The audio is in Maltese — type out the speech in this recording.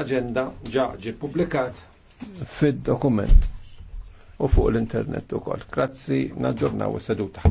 agenda ġa ġi publikat fid-dokument u fuq l-internet ukoll. Grazzi, naġġornaw is-seduta.